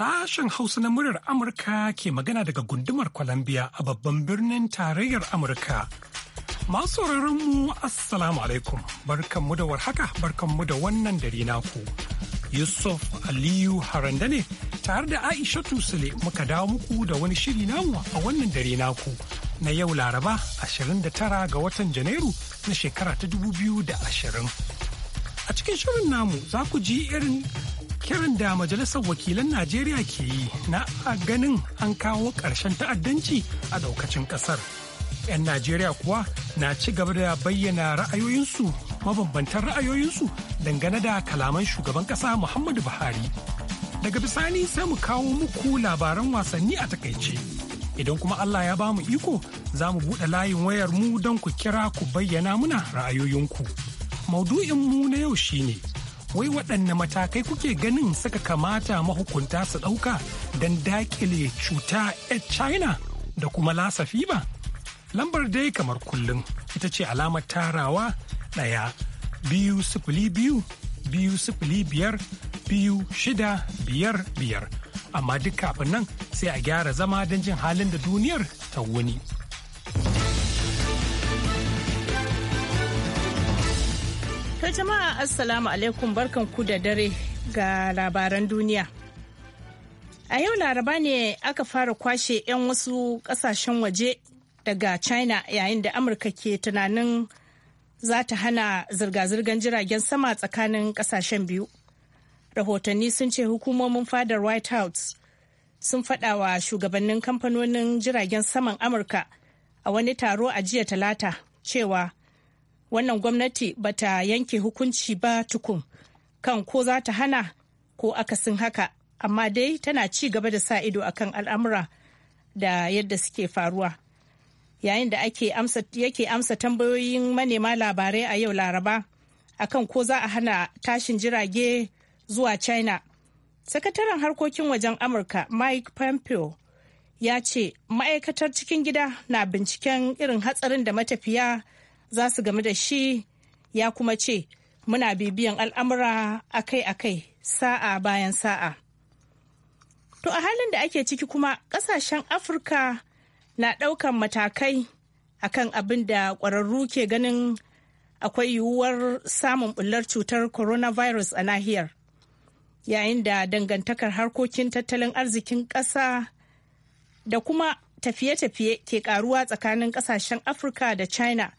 Sashen Hausa na Murar Amurka ke magana daga gundumar Kwalambiya a babban birnin tarayyar Amurka. Masu mu Assalamu alaikum, barkanmu da warhaka, barkanmu da wannan dare naku. Yusuf Aliyu Haranda ne tare da Aisha tusile muka dawo muku da wani shiri namu a wannan dare naku na yau Laraba 29 ga watan Janairu na shekara ta 2020. A cikin shirin namu za ku ji irin kiran da majalisar wakilan najeriya ke yi na a ganin an kawo ƙarshen ta'addanci a daukacin ƙasar 'yan najeriya kuwa na ci gaba da bayyana ra'ayoyinsu mabambantan ra'ayoyinsu dangane da kalaman shugaban ƙasa muhammadu buhari daga bisani sai mu kawo muku labaran wasanni a takaice idan kuma allah ya ba mu iko za mu buɗe layin wayar mu don ku kira ku bayyana muna ra'ayoyinku maudu'in mu na yau shine wai waɗanne matakai kuke ganin suka kamata mahukunta su ɗauka don daƙile cuta a china da kuma lasafi ba lambar dai kamar kullum ita ce alamar tarawa ɗaya biyu sifili biyu biyu sifili biyar biyu shida biyar biyar amma duk kafin nan sai a gyara zama don jin halin da duniyar ta wuni. ta jama'a assalamu alaikum barkan ku da dare ga labaran duniya. A yau laraba ne aka fara kwashe 'yan wasu kasashen waje daga China yayin da Amurka ke tunanin za ta hana zirga-zirgar jiragen sama tsakanin kasashen biyu. Rahotanni sun ce hukumomin fadar White House sun faɗawa wa shugabannin kamfanonin jiragen saman Amurka a wani taro a jiya talata cewa wannan gwamnati ba ta yanke hukunci ba tukun kan ko za ta hana ko akasin haka amma dai tana ci gaba da sa ido akan al'amura da yadda suke faruwa yayin da ake amsa yake amsa tambayoyin manema labarai a yau laraba akan ko za a hana tashin jirage zuwa china sakataren harkokin wajen amurka mike pompeo ya ce ma'aikatar cikin gida na binciken irin hatsarin da matafiya za su game da shi ya kuma ce muna bibiyan al'amura akai-akai sa'a bayan sa'a. To a halin da ake ciki kuma ƙasashen Afirka na ɗaukan matakai akan abin da ƙwararru ke ganin akwai yiwuwar samun bullar cutar coronavirus a nahiyar. Yayin da dangantakar harkokin tattalin arzikin ƙasa da kuma tafiye-tafiye ke ƙaruwa tsakanin ƙasashen Afirka da China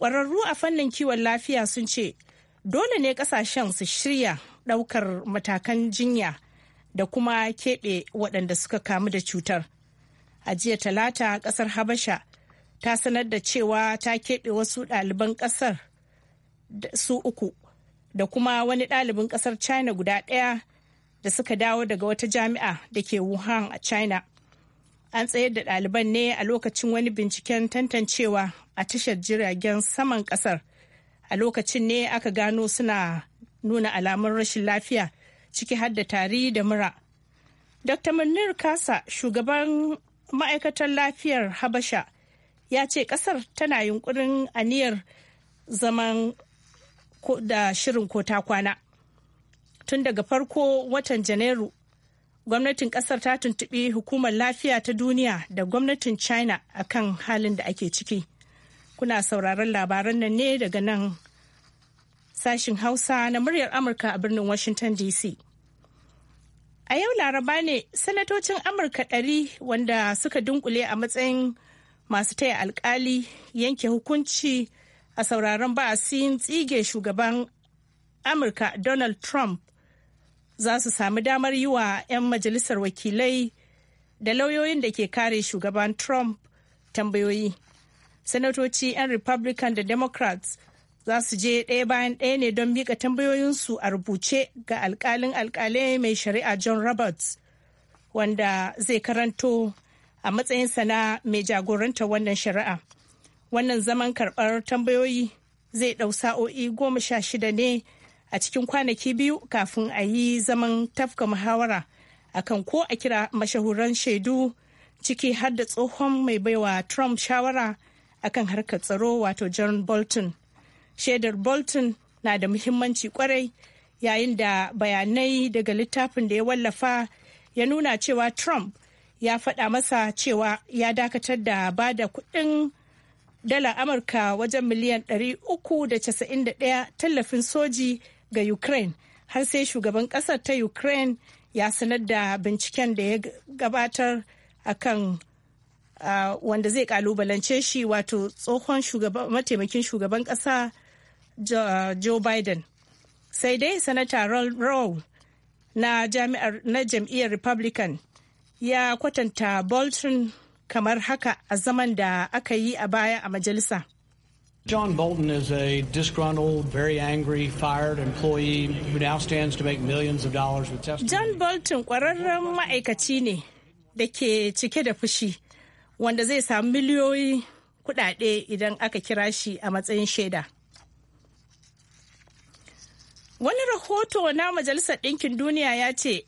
Ƙwararru a fannin kiwon lafiya sun ce dole ne ƙasashen su shirya ɗaukar matakan jinya da kuma keɓe waɗanda suka kamu da cutar. A jiya talata ƙasar Habasha ta sanar da cewa ta keɓe wasu ɗaliban ƙasar su uku da kuma wani ɗalibin ƙasar China guda ɗaya da suka dawo daga wata jami'a da ke Wuhan a China. an tsayar da ɗaliban ne a lokacin wani binciken tantancewa a tashar jiragen saman ƙasar a lokacin ne aka gano suna nuna alamun rashin lafiya ciki har da tari da mura dr munir kasa shugaban ma'aikatar lafiyar habasha ya ce ƙasar tana yunkurin aniyar zaman da shirin ko kwana tun daga farko watan janairu gwamnatin kasar ta tuntubi hukumar lafiya ta duniya da gwamnatin china akan halin da ake ciki kuna sauraron labaran nan ne daga nan sashin hausa na muryar amurka a birnin washington dc a yau laraba ne sanatocin amurka ɗari wanda suka dunkule a matsayin masu taya alkali yanke hukunci a sauraron ba'asin tsige shugaban amurka donald trump za su sami damar yi wa 'yan majalisar wakilai da lauyoyin da ke kare shugaban trump tambayoyi sanatoci 'yan republican da democrats za su je ɗaya bayan ɗaya ne don miƙa tambayoyinsu a rubuce ga alƙalin alƙalai mai shari'a john roberts wanda zai karanto a matsayin na mai jagoranta wannan shari'a wannan zaman karɓar tambayoyi zai ɗau sa'o'i goma sha shida ne a cikin kwanaki biyu kafin a yi zaman tafka muhawara akan ko a kira mashahuran shaidu ciki har da tsohon mai baiwa trump shawara akan harkar tsaro wato john bolton shaidar bolton na da muhimmanci kwarai yayin da bayanai daga littafin da ya wallafa ya nuna cewa trump ya faɗa masa cewa ya dakatar da ba da kuɗin dala amurka wajen miliyan 391 tallafin soji ga Ukraine har sai shugaban ƙasar ta Ukraine ya sanar da binciken da ya gabatar akan uh, wanda zai kalubalance shi wato tsohon mataimakin shugaban kasa Joe Biden. Sai dai Sanata Rowe na jam'iyyar Republican ya kwatanta Bolton kamar haka a zaman da aka yi a baya a majalisa. John Bolton is a disgruntled, very angry, fired employee who now stands to make millions of dollars with testimony. John Bolton kwararren ma'aikaci ne da ke cike da fushi wanda zai samu miliyoyi kudade idan aka kira shi a matsayin shaida. Wani rahoto na Majalisar Ɗinkin Duniya ya ce,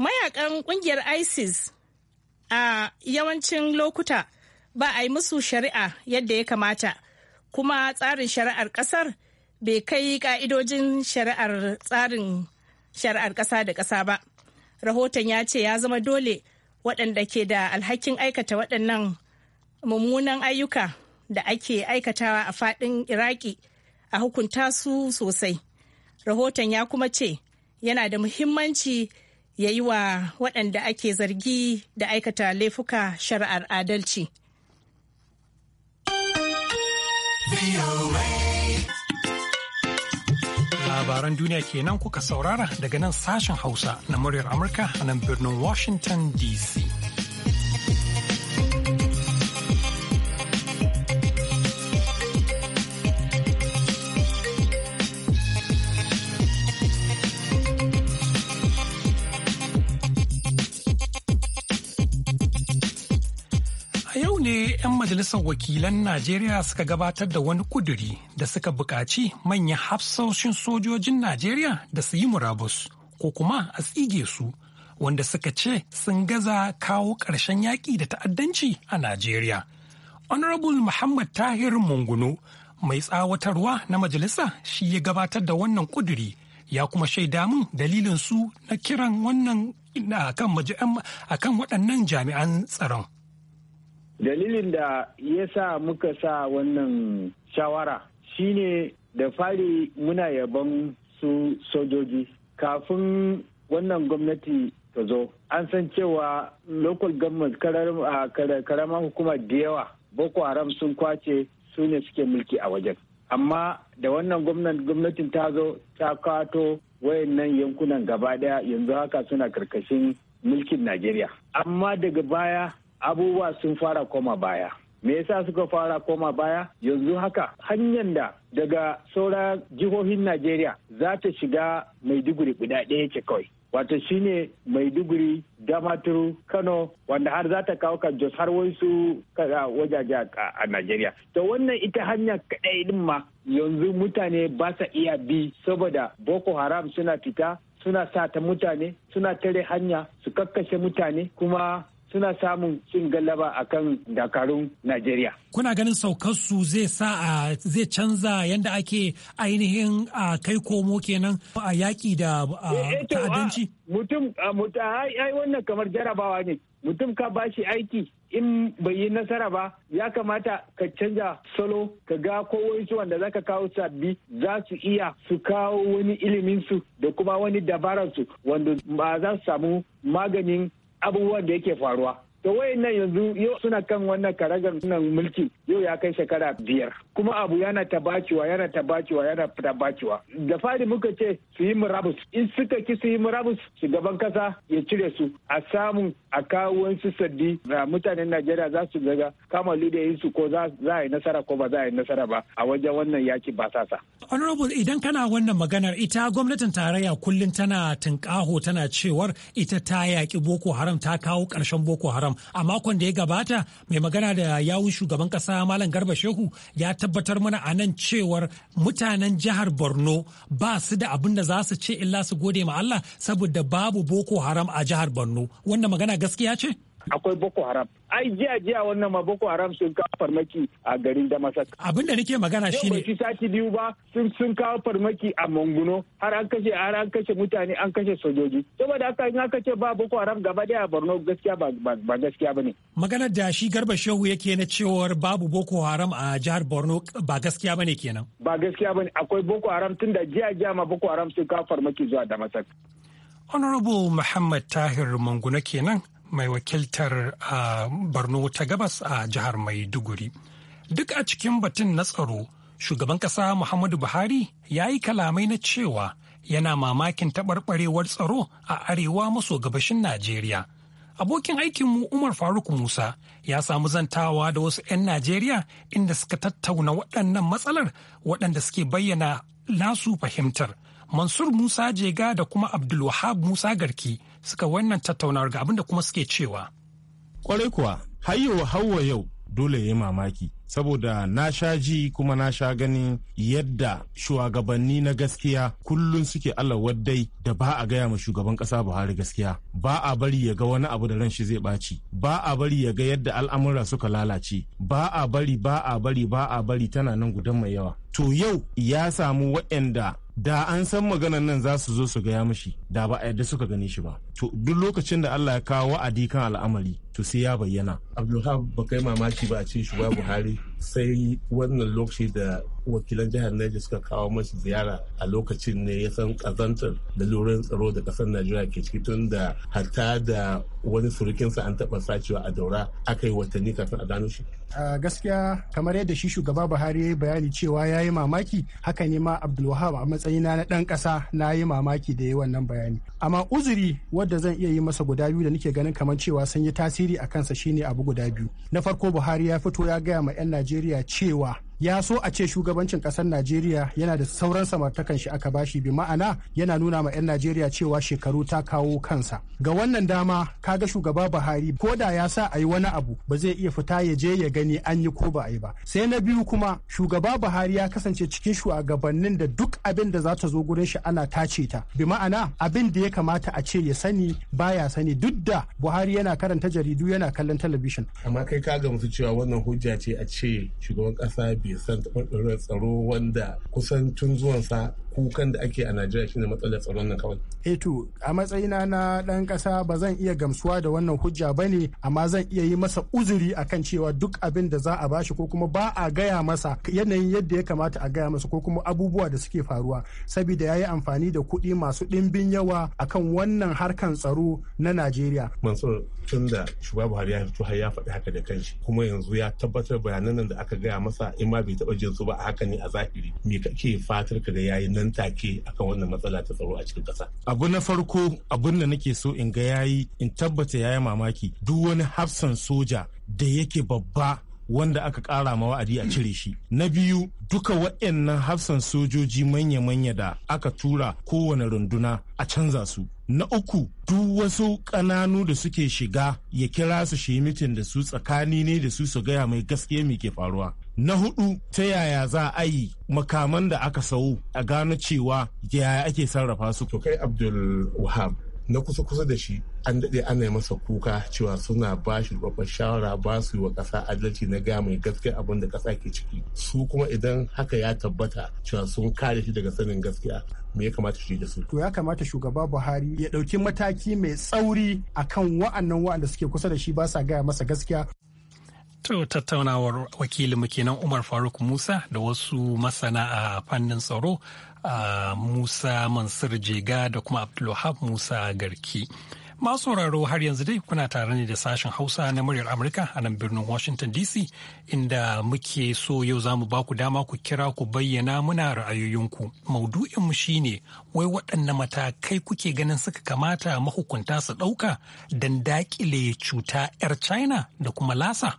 mayakan ƙungiyar ISIS a yawancin lokuta ba a yi musu shari'a yadda ya kamata kuma tsarin shari'ar ƙasar bai kai ka'idojin shari'ar tsarin shari'ar ƙasa da ƙasa ba rahoton ya ce ya zama dole waɗanda ke da alhakin aikata waɗannan mummunan ayyuka da ake aikatawa a faɗin iraki a hukunta su sosai rahoton ya kuma ce yana da muhimmanci ya yi wa waɗanda ake zargi da aikata laifuka shari'ar adalci. Labaran duniya kenan kuka saurara daga nan sashen Hausa na muryar Amurka a nan birnin Washington DC. Majalisar Wakilan Najeriya suka gabatar da wani kuduri da suka buƙaci manyan hafsoshin sojojin Najeriya da su yi murabus ko kuma a tsige su wanda suka ce sun gaza kawo ƙarshen yaƙi da ta'addanci a Najeriya. Honorable Muhammad Tahir Munguno mai tsawatarwa na majalisa shi ya gabatar da wannan kuduri ya kuma shaida min dalilin su na kiran wannan a waɗannan jami'an tsaron. dalilin da ya sa muka sa wannan shawara shine da fari muna yabon su sojoji kafin wannan gwamnati ta zo an san cewa local government karama hukuma da yawa boko haram sun kwace su ne suke mulki a wajen amma da wannan gwamnatin ta zo ta kato wayannan yankunan gaba daya yanzu haka suna karkashin mulkin najeriya amma daga baya abubuwa sun fara koma baya me yasa suka fara koma baya yanzu haka hanyar da daga sauran jihohin najeriya za ta shiga maiduguri guda ɗaya ce kawai wato shine maiduguri damaturu kano wanda har za ta kawo kan jos har wasu wajaje a najeriya to wannan ita hanya kaɗai din ma yanzu mutane ba sa iya bi saboda boko haram suna fita suna sata mutane suna tare hanya su kakkashe mutane kuma suna samun cin gallaba a kan dakarun Najeriya. Kuna ganin saukarsu zai sa a zai canza yadda ake ainihin a kai komo kenan a yaƙi da eh, eh, ta'addanci? Mutum, ai wannan kamar jarabawa ne. Mutum ka ba shi aiki in bai yi nasara ba ya kamata ka canza salo ka ga kowai su wanda ka kawo sabbi za su iya su kawo wani iliminsu da kuma wani dabararsu wanda ba za su samu maganin abubuwan da yake faruwa to nan yanzu yau suna kan wannan karagar nan mulki yau ya kai shekara biyar kuma abu yana tabacewa yana tabacewa yana tabacewa da fari muka ce su yi murabus in suka ki su yi murabus shugaban kasa ya cire su a samun a kawo wasu na mutanen najeriya za su daga kama su ko za a yi nasara ko ba za a yi nasara ba a wajen wannan yaki ba sasa. honorable idan kana wannan maganar ita gwamnatin tarayya kullum tana tunƙaho tana cewar ita ta yaki boko haram ta kawo ƙarshen boko haram Islam a makon da ya gabata mai magana da yawun shugaban kasa Malam Garba Shehu ya tabbatar mana a nan cewar mutanen jihar Borno ba su da abin da za su ce illa su gode ma Allah saboda babu Boko Haram a jihar Borno. Wannan magana gaskiya ce? akwai boko haram ai jiya jiya wannan ma boko haram sun kawo farmaki a garin damasak abin da nake magana shine yau sati biyu ba sun sun kawo farmaki a manguno har an kashe har an kashe mutane an kashe sojoji saboda haka in aka ce ba boko haram gaba daya borno gaskiya ba ba gaskiya bane magana da shi garba shehu yake na cewar babu boko haram a jihar borno ba gaskiya bane kenan ba gaskiya bane akwai boko haram tunda jiya jiya ma boko haram sun kawo farmaki zuwa damasak honorable muhammad tahir manguno kenan mai wakiltar a Borno ta gabas a jihar Maiduguri. Duk a cikin batun na tsaro, shugaban ƙasa Muhammadu Buhari ya yi kalamai na cewa yana mamakin taɓarɓarewar tsaro a arewa maso gabashin Najeriya. Abokin aikinmu Umar Faruk Musa ya samu zantawa da wasu 'yan Najeriya inda suka tattauna waɗannan matsalar waɗanda suke bayyana nasu fahimtar Mansur Musa Jega da kuma Abdulwahab Musa Garki suka wannan tattaunawar ga abinda kuma suke cewa. Kwarai kuwa, hayyo hawa yau dole ya yi mamaki, saboda na sha ji kuma na sha ganin, yadda shugabanni na gaskiya kullum suke Allah waddai da ba a gaya ma shugaban kasa Buhari gaskiya. Ba a bari ya ga wani abu da ran shi zai ɓaci, ba a bari ya ga yadda al'amura suka lalace, ba a bari ba a bari ba a bari tana nan gudan mai yawa. To yau ya samu waɗanda da an san maganan nan za su zo su gaya mashi da ba a yadda suka gani shi ba to duk lokacin da Allah ya kawo wa'adi kan al'amari to sai ya bayyana Abdulhab ba kai mamaki ba a ce shugaba Buhari sai wannan lokaci da wakilan jihar Niger suka kawo masa ziyara a lokacin ne ya san kazantar da lurin tsaro da kasar Najeriya ke ciki tun da hatta da wani surukinsa an taba sacewa a daura aka yi watanni kafin a gano shi. gaskiya kamar yadda shi shugaba Buhari ya bayani cewa ya yi mamaki haka ne ma Abdulwahab a matsayina na dan kasa na yi mamaki da yi wannan bayani. bayani amma uzuri wadda zan iya yi masa guda biyu da nake ganin kamar cewa sun yi tasiri a kansa shine abu guda biyu na farko buhari ya fito ya gaya ma 'yan najeriya cewa ya so a ce shugabancin kasar najeriya yana da sauran samartakan shi aka bashi bi ma'ana yana nuna ma 'yan najeriya cewa shekaru ta kawo kansa ga wannan dama kaga shugaba buhari ko da ya sa a yi wani abu ba zai iya fita ya je ya gani an yi ko ba a yi ba sai na biyu kuma shugaba buhari ya kasance cikin shugabannin da duk abin da za ta zo gurin shi ana tace ta bi ma'ana abin da ya kamata a ce ya sani baya sani duk da buhari yana karanta jaridu yana kallon talabishin amma kai ka ga mutu cewa wannan hujja ce a ce shugaban kasa biyu. bai san tsaro wanda kusan tun zuwansa kukan da ake a najeriya shine matsalar tsaron nan kawai eh to a matsayina na dan ƙasa ba zan iya gamsuwa da wannan hujja ba ne amma zan iya yi masa uzuri akan cewa duk abin da za a bashi ko kuma ba a gaya masa yanayin yadda ya kamata a gaya masa ko kuma abubuwa da suke faruwa saboda ya yi amfani da kuɗi masu ɗimbin yawa akan wannan harkan tsaro na najeriya mansur tun da shugaba buhari ya fito har ya faɗi haka da kanshi kuma yanzu ya tabbatar bayanan da aka gaya masa in ma bai taɓa jin su ba a haka ne a zahiri me kake fatar ka da yayi nan take akan wannan matsala ta tsaro a cikin ƙasa. Abu na farko abun da nake so in ga yayi in tabbata yayi mamaki duk wani hafsan soja da yake babba wanda aka kara ma wa'adi a cire shi na biyu duka waɗannan hafsan sojoji manya-manya da aka tura kowane runduna a canza su na uku duk wasu ƙananu da suke shiga ya kira su shi mitin da su tsakani ne da su su gaya mai gaskiya mai ke faruwa na hudu ta yaya za a yi makaman da aka sau a gano cewa yaya ake sarrafa su to kai abdul wahab na kusa kusa da shi an daɗe ana masa kuka cewa suna ba shi babban shawara ba su yi wa ƙasa adalci na gaya mai gaskiya abin da ƙasa ke ciki su kuma idan haka ya tabbata cewa sun kare shi daga sanin gaskiya me ya kamata shi da su to ya kamata shugaba Buhari ya ɗauki mataki mai tsauri akan wa'annan wa'anda suke kusa da shi ba sa gaya masa gaskiya To tattaunawar wakilinmu kenan Umar Faruk Musa da wasu masana a fannin tsaro a Musa Mansur Jega da kuma Abdulwahab Musa Garki. Masu sauraro har yanzu dai kuna tare ne da sashen Hausa na muryar Amurka a nan birnin Washington DC inda muke so yau za mu baku dama ku kira ku bayyana muna ra'ayoyinku. Maudu'inmu ne, wai waɗanne matakai kuke ganin suka kamata mahukunta su ɗauka don daƙile cuta 'yar China da kuma lasa.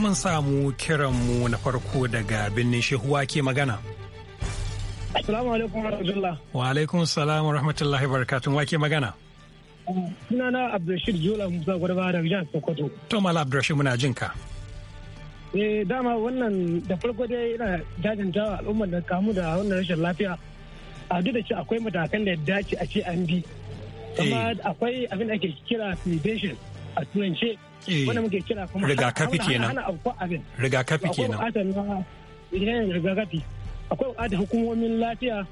mun samu kiranmu na farko daga birnin shehuwa ke magana. Assalamu alaikum warahmatullah. Wa alaikum salam wa rahmatullahi barakatun wa ke magana. Sunana Abdulrashid Jola Musa Gwarba da Jihar Sokoto. To Mal Abdulrashid muna jin ka. Eh dama wannan da farko dai ina jajanta al'ummar da kamu da wannan rashin lafiya. A duk da ce akwai matakan da ya dace a ce an bi. Kuma eh. akwai abin da ake kira sedation a turance. Eh, wanda muke kira kuma rigakafi kenan rigakafi kenan rigakafi akwai eh, hukumomin lafiya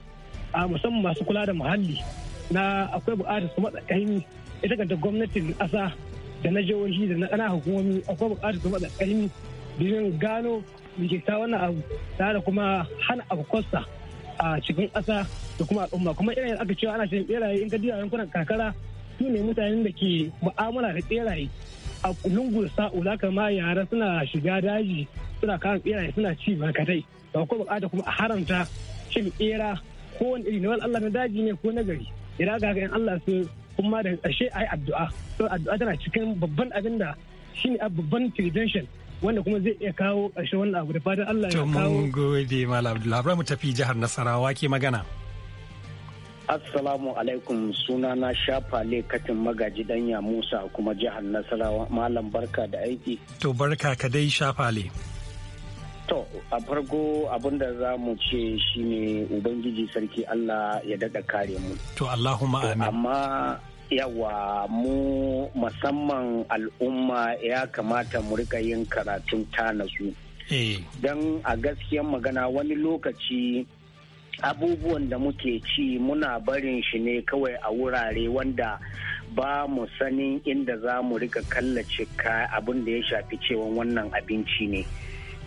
a musamman masu kula da muhalli na akwai su matsa ita gwamnatin ƙasa da na jihohi da na ƙana hukumomi akwai su matsa domin gano rikita wannan abu tare da kuma hana afkonsa a cikin ƙasa da kuma al'umma kuma irin aka cewa ana cikin beraye in ka duba yankunan karkara su ne mutanen da ke mu'amala da beraye a lungun sa'ula kama yara suna shiga daji suna kan beraye suna ci barkatai ba ko bukata kuma a haramta cin bera ko wani iri na wani Allah na daji ne ko na gari ira ga in Allah su kuma da ƙarshe ai addu'a to addu'a tana cikin babban abin da shine babban prevention wanda kuma zai iya kawo ƙarshen wannan abu da fatan Allah ya kawo. To mun gode Malam Abdullahi mu tafi jihar Nasarawa ke magana. Assalamu alaikum suna na shafa katin magaji danya Musa kuma jihar Nasarawa Malam barka da aiki. To barka ka dai shafale. To a farko abinda za mu ce shine Ubangiji Sarki Allah ya daɗa kare mu. To Allahumma amin. Amma yawa mu musamman al'umma ya kamata mu rika yin karatun ta su eh. Don a gaskiyan magana wani lokaci abubuwan da muke ci muna barin shi ne kawai a wurare wanda ba mu sanin inda za mu rika kallace abin da ya shafi cewan wannan abinci ne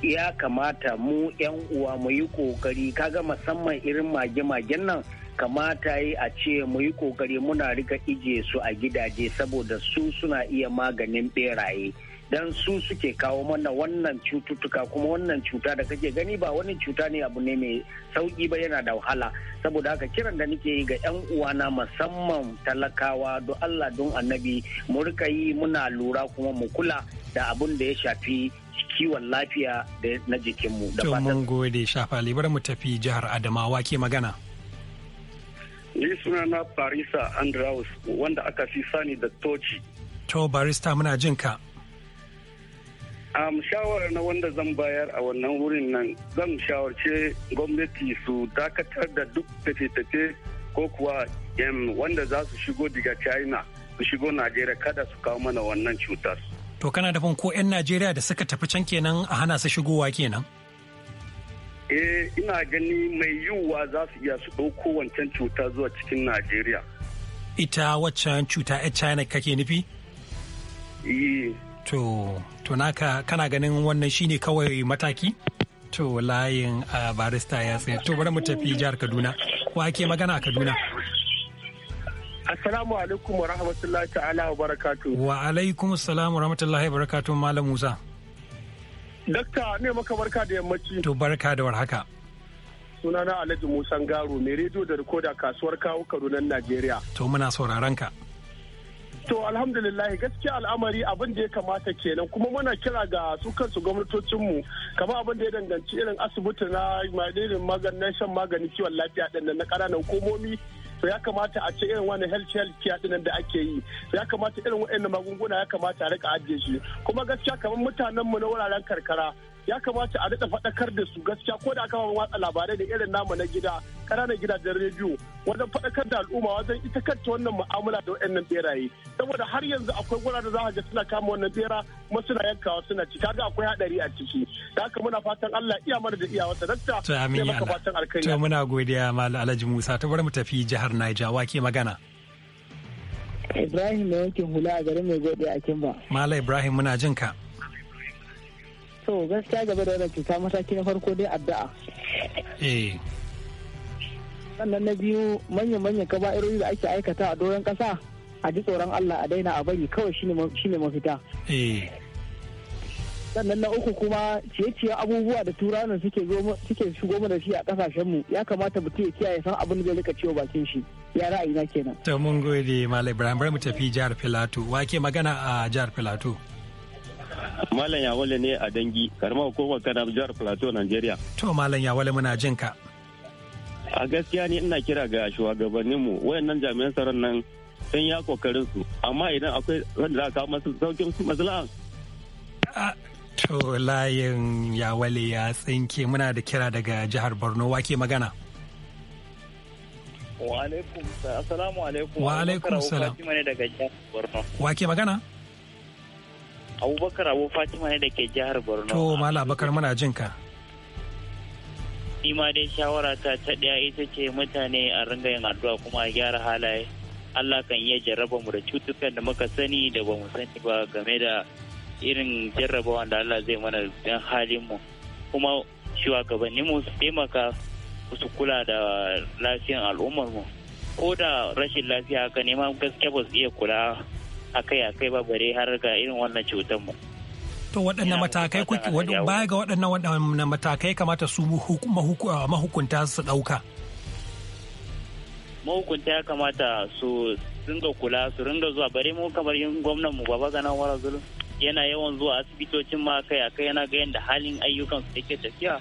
ya kamata mu 'yan uwa mu yi kokari kaga musamman irin mage-magen nan kamata yi a ce mu yi kokari muna rika ije su a gidaje saboda su suna iya maganin beraye. dan su suke kawo mana wannan cututtuka kuma wannan cuta da kake gani ba wani cuta ne abu ne mai sauki ba yana da wahala saboda haka kiran da nake yi ga yan uwana musamman talakawa don Allah don annabi mu rika yi muna lura kuma mu kula da abun da ya shafi kiwon lafiya na jikinmu. To mun gode shafa libar mu tafi jihar Adamawa ke magana. Ni suna na Barista Andrews wanda aka fi sani da Toci. To Barista muna jin ka. A shawara na wanda zan bayar a wannan wurin nan zan shawarce gwamnati su dakatar da duk tafi-tafi ko kuwa wanda za su shigo daga china su shigo najeriya kada su kawo mana wannan cutar to kana da ko 'yan najeriya da suka tafi can kenan a hana su shigowa kenan eh ina gani mai yiwuwa za su iya su ɗauko wancan cuta zuwa cikin najeriya ita waccan cuta 'yan china kake nufi? Eh. to to kana ganin wannan shine kawai mataki to layin a barista ya tsaye to bari mu tafi jihar kaduna wa ake magana a kaduna assalamu alaikum wa rahmatullahi ta'ala wa barakatu wa alaikum assalamu wa rahmatullahi wa barakatu malam musa dakta ne maka barka da yammaci to barka da warhaka sunana alhaji musan garo mai rediyo da rikoda kasuwar kawo kaduna najeriya to muna sauraron ka To alhamdulillah gaskiya al'amari abin da ya kamata kenan kuma muna kira ga su kansu gwamnatocinmu kamar abin da ya danganci irin asibiti na irin maganin shan magani kiwon lafiya ɗin na ƙananan komomi to ya kamata a ce irin wani health health care dinan da ake yi ya kamata irin wa'annan magunguna ya kamata a rika ajiye shi kuma gaskiya kamar mutanen mu na wuraren karkara ya kamata a daɗa faɗakar da su gaskiya ko da aka kafafen watsa labarai da irin namu na gida ƙananan gidajen rediyo wajen faɗakar da al'umma wajen ita kanta wannan mu'amala da waɗannan beraye saboda har yanzu akwai da za a ga suna kama wannan bera kuma suna yankawa suna ci kaga akwai haɗari a ciki da haka muna fatan Allah iya mana da iya iyawa sadakta to amin ya Allah to muna godiya malam Alhaji Musa ta bar mu tafi jihar Niger ke magana Ibrahim ne yake hula a garin mai gobe a Kimba Malam Ibrahim muna jin ka so gaskiya game da wannan cuta mataki na farko dai addu'a eh. sannan na biyu manya-manyan kaba'irori da ake aikata a doron kasa a ji tsoron Allah a daina a bari kawai shine mafita eh. sannan na uku kuma ciye-ciye abubuwa da turanin suke shigo mana shi a kasashen mu ya kamata mutum ya kiyaye san abin da zai rika ciwo bakin shi ya ra'ayi na kenan. Ta mun gode malam ibrahim bari mu tafi jihar filato wake magana a jihar filato. Malam Yawale ne a dangi, karamar hukumar kana jihar Plateau, Nigeria. To Malam Yawale muna jin ka. A gaskiya ne ina kira ga shugabanninmu wayannan jami'an tsaron nan sun ya kokarin su amma idan akwai wanda za ka masu saukin su maslahan. To layin Yawale ya tsinke muna da kira daga jihar Borno wake magana. Wa alaikum salam. Wa alaikum salam. Wa alaikum salam. Wa alaikum salam. Wa alaikum salam. alaikum Wa alaikum salam. alaikum Wa alaikum abubakar abu fatima ne da ke jihar borno to mala abubakar muna jin ka ma dai shawara ta ta ɗaya ita ce mutane a ringa yin addu'a kuma a gyara halaye Allah kan iya jarraba mu da cutukan da muka sani da bamu sani ba game da irin jarraba da Allah zai mana don halin mu kuma shugabannin mu su taimaka su kula da lafiyan al'ummar mu ko da rashin lafiya haka nema ma gaskiya ba su iya kula akai-akai ba bare har ga irin wannan cutar mu. To waɗannan matakai kuke baya ga waɗannan waɗannan matakai kamata su mahukunta su ɗauka? Mahukunta ya kamata su ringa kula su ringa zuwa bare mu kamar yin gwamnan mu baba ganan wara zulu yana yawan zuwa asibitocin ma kai akai yana ga yadda halin ayyukan su take tafiya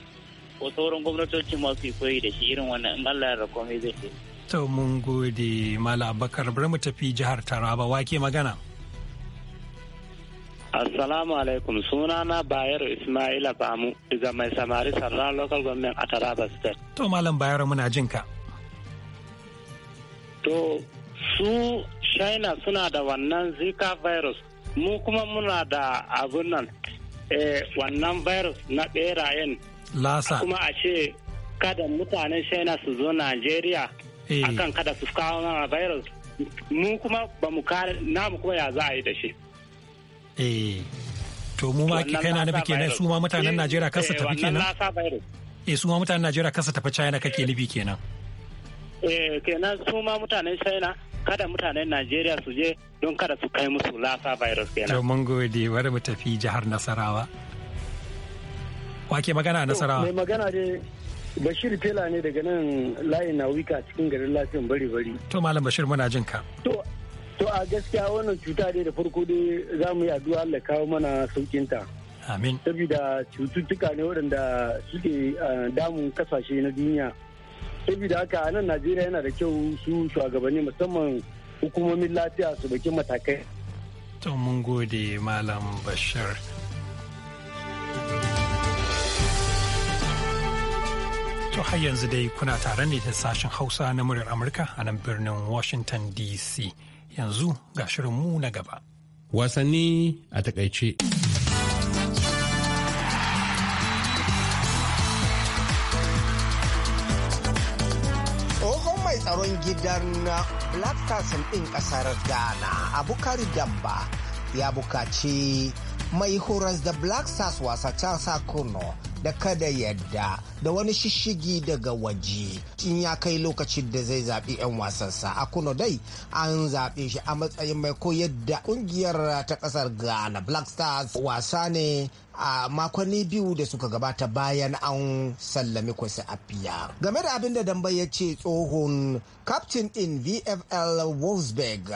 ko sauran gwamnatocin ma su koyi da shi irin wannan in Allah ya rakomai zai To mun gode Mala Abakar bari mu tafi jihar Taraba wake magana. Assalamu alaikum sunana Bayero Ismaila Bamu daga mai samari sarra local government a Taraba state. To Malam Bayero muna jin To su China suna da wannan Zika virus mu kuma muna da abun nan eh, wannan virus na berayen. Lasa. Kuma a ce kada mutanen China su zo Najeriya Eh. akan kada su kawo mana virus mu kuma ba mu kare namu kuma ya za a yi da shi eh to mu ma ki kai na kenan su ma mutanen eh, Najeriya su eh, tafi kenan eh su ma mutanen Najeriya su tafi China kake nufi kenan eh kenan su ma mutanen China kada mutanen Najeriya su je don kada su kai musu lasa virus kenan to mun gode bari mu tafi jihar Nasarawa wake magana a Nasarawa mai magana dai Bashir Tela ne daga nan layin wika cikin garin lafiyan bari-bari. To Malam Bashir muna jin ka. To a gaskiya wannan cuta dai da farko dai za mu yi addu'a Allah kawo mana saukinta. Amin. Saboda cututtuka ne waɗanda suke damun kasashe na duniya. Saboda haka a nan Najeriya yana da kyau su shugabanni musamman hukumomin lafiya su baki matakai. To mun gode Malam Bashir. To har yanzu dai kuna tare ne da sashen Hausa na muryar Amurka a nan birnin Washington DC. Yanzu ga mu na gaba. Wasanni a takaice. Tsohon mai tsaron gidan Black Stars ɗin ƙasar Ghana, Abukari Damba, ya bukaci mai horas da Black Stars wasa Charles Akuno da kada yadda da wani shishigi daga waje in ya kai lokacin da zai zaɓi 'yan wasansa a kuno dai an zaɓe shi a matsayin mai koyar da ƙungiyar ta ƙasar ghana black stars wasa ne a makonni biyu da suka gabata bayan an sallami kwasi afiya game da abin da damba ya ce tsohon captain in vfl wolfsburg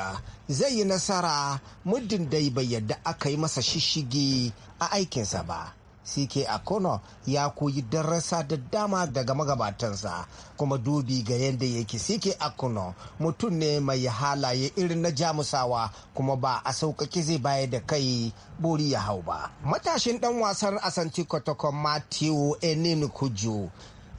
zai yi nasara muddin dai bai yadda aka yi masa shishigi a aikinsa ba ck akono ya koyi darasa da dama daga magabatansa kuma dubi ga yadda yake ck akono mutum ne mai halaye irin na jamusawa kuma ba a sauƙaƙe zai baya da kai bori ya hau ba matashin ɗan wasan asanti kotokon matthew enin kujo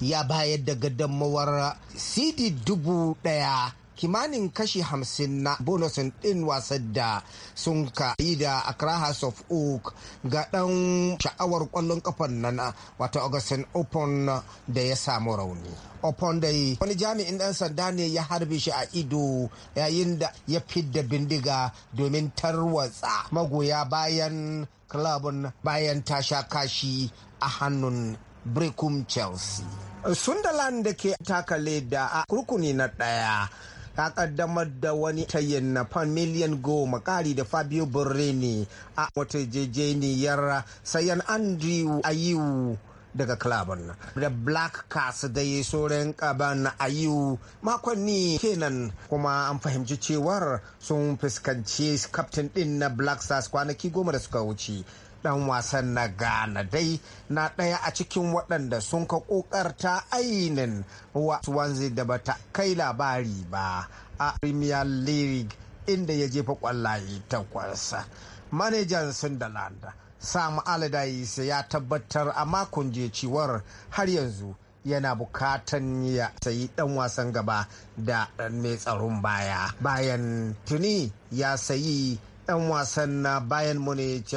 ya bayar da gadammawar cd dubu ɗaya kimanin kashi hamsin na bonusin ɗin wasan da sun ka yi da Accra House of Oak ga ɗan sha'awar kwallon ƙafar nan wato Augustin Open da ya samu rauni. Open dai wani jami'in ɗan sanda ne ya harbe shi a ido yayin da ya fidda bindiga domin tarwatsa magoya bayan klabin bayan ta sha kashi a hannun Brecum Chelsea. Sunderland da ke takale da a kurkuni na ɗaya ta kaddamar da wani tayin na fan miliyan goma kari da Fabio borini a wata jejeniyar sayan Andrew ayiwu daga na. da black cast da ya soren kaban a makonni kenan kuma an fahimci cewar sun fuskanci kaftin din na black stars kwanaki goma da suka wuce dan wasan na ghana dai na ɗaya a cikin waɗanda sun ka ƙoƙarta ainin swansea da bata kai labari ba a premier league inda ya jefa kwallaye takwas manajan sunderland sam allardyce ya tabbatar a makon je jeciwar har yanzu yana bukatan ya sayi dan wasan gaba da mai tsaron baya bayan tuni ya sayi dan wasan na bayan munich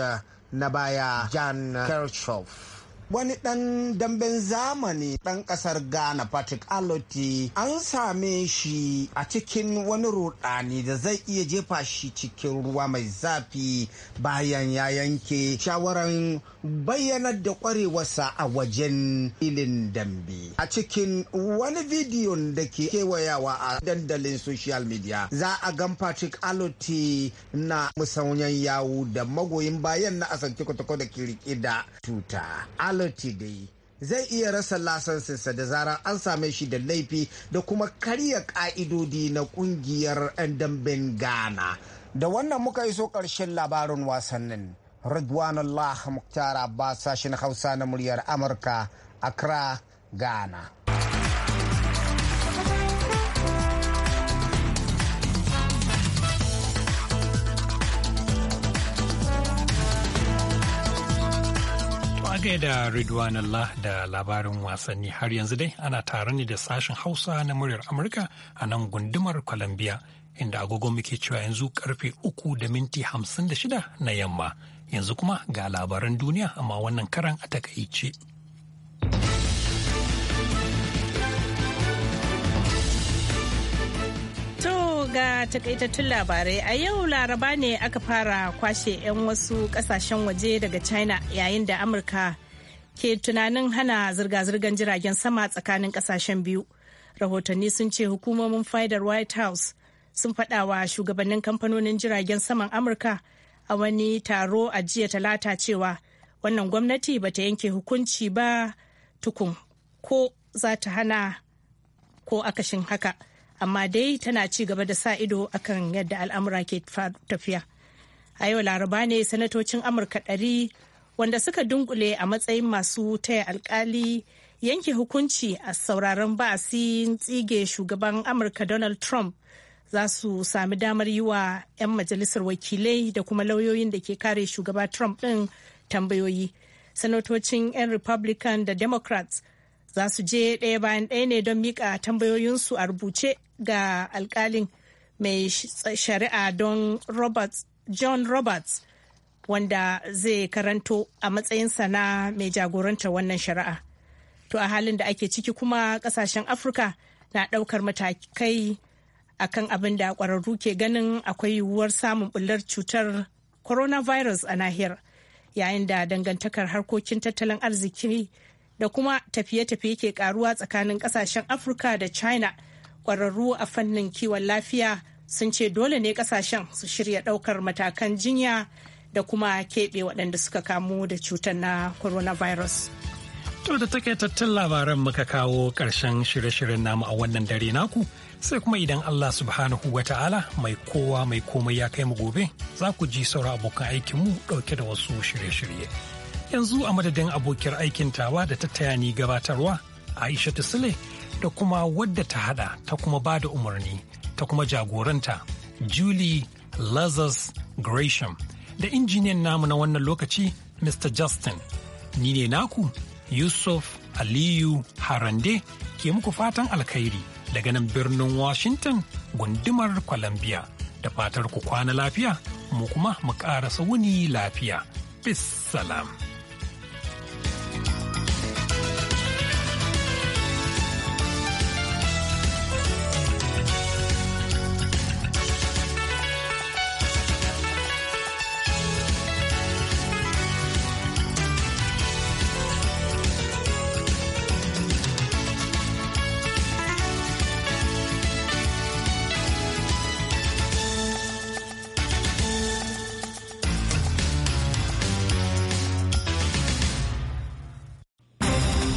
na baya Jan Kirchhoff. wani ɗan damben zamani ɗan ƙasar ghana patrick aloti an same shi a cikin wani rudani da zai iya jefa shi cikin ruwa mai zafi bayan ya yanke shawaran bayyanar da kwarewarsa a wajen ilin dambe a cikin wani bidiyon da ke kewayawa a dandalin social media za a gan patrick aloti na musanyen yawu da magoyin bayan na asanti kwatakwa da ke rike da tuta da yi zai iya rasa lasansinsa da zarar an same shi da laifi da kuma karya ka'idodi na kungiyar 'yan damben Ghana. Da wannan muka iso karshen labarin wasannin. allah Muktar Abbas sashen Hausa na muryar Amurka, Accra, Ghana. da Ridwan Allah da labarin wasanni har yanzu dai ana tare ne da sashen Hausa na muryar Amurka a nan gundumar Columbia inda agogo muke cewa yanzu karfe uku da minti hamsin da shida na yamma yanzu kuma ga labaran duniya amma wannan karan a takaice. ga takaitattun labarai a yau laraba ne aka fara kwashe 'yan wasu kasashen waje daga china yayin da amurka ke tunanin hana zirga-zirgar jiragen sama tsakanin kasashen biyu rahotanni sun ce hukumomin fadar white house sun faɗawa shugabannin kamfanonin jiragen saman amurka a wani taro a jiya talata cewa wannan gwamnati ba ta yanke hukunci ba tukun ko za ta hana ko akashin haka amma dai tana ci gaba da sa ido akan yadda al'amura ke tafiya a yau laraba ne sanatocin amurka ɗari wanda suka dunkule a matsayin masu taya alkali yanke hukunci a sauraron ba'asin tsige shugaban amurka donald trump za su sami damar yi wa 'yan majalisar wakilai da kuma lauyoyin da ke kare shugaba trump ɗin tambayoyi sanatocin 'yan republican da democrats za su je ɗaya bayan ɗaya ne don mika tambayoyinsu a rubuce ga alkalin mai shari'a don roberts john roberts wanda zai karanto a matsayin na mai jagorantar wannan shari'a to a halin da ake ciki kuma ƙasashen afirka na ɗaukar matakai A kan abin da ƙwararru ke ganin akwai yiwuwar samun bullar cutar coronavirus a nahiyar yayin da dangantakar harkokin tattalin arziki da kuma tafiye-tafiye ke karuwa tsakanin kasashen afirka da china kwararru a fannin kiwon lafiya sun ce dole ne kasashen su shirya daukar matakan jinya da kuma keɓe waɗanda suka kamu da cutar na coronavirus. To da take tattun labaran muka kawo ƙarshen shirye-shiryen namu a wannan dare naku sai kuma idan Allah subhanahu Wata'ala ta'ala mai kowa mai komai ya kai mu gobe za ku ji sauran abokan aikinmu ɗauke da wasu shirye-shirye. yanzu a madadin abokiyar aikin tawa da ta gabatarwa aisha sule da kuma wadda ta hada ta kuma ba da umarni ta kuma jagoranta julie lazarus gresham da injiniyan namu na wannan lokaci mr justin ni ne naku yusuf aliyu harande ke muku fatan alkhairi daga nan birnin washington gundumar columbia da fatar ku kwana lafiya mu kuma mu ƙara wuni lafiya bis salam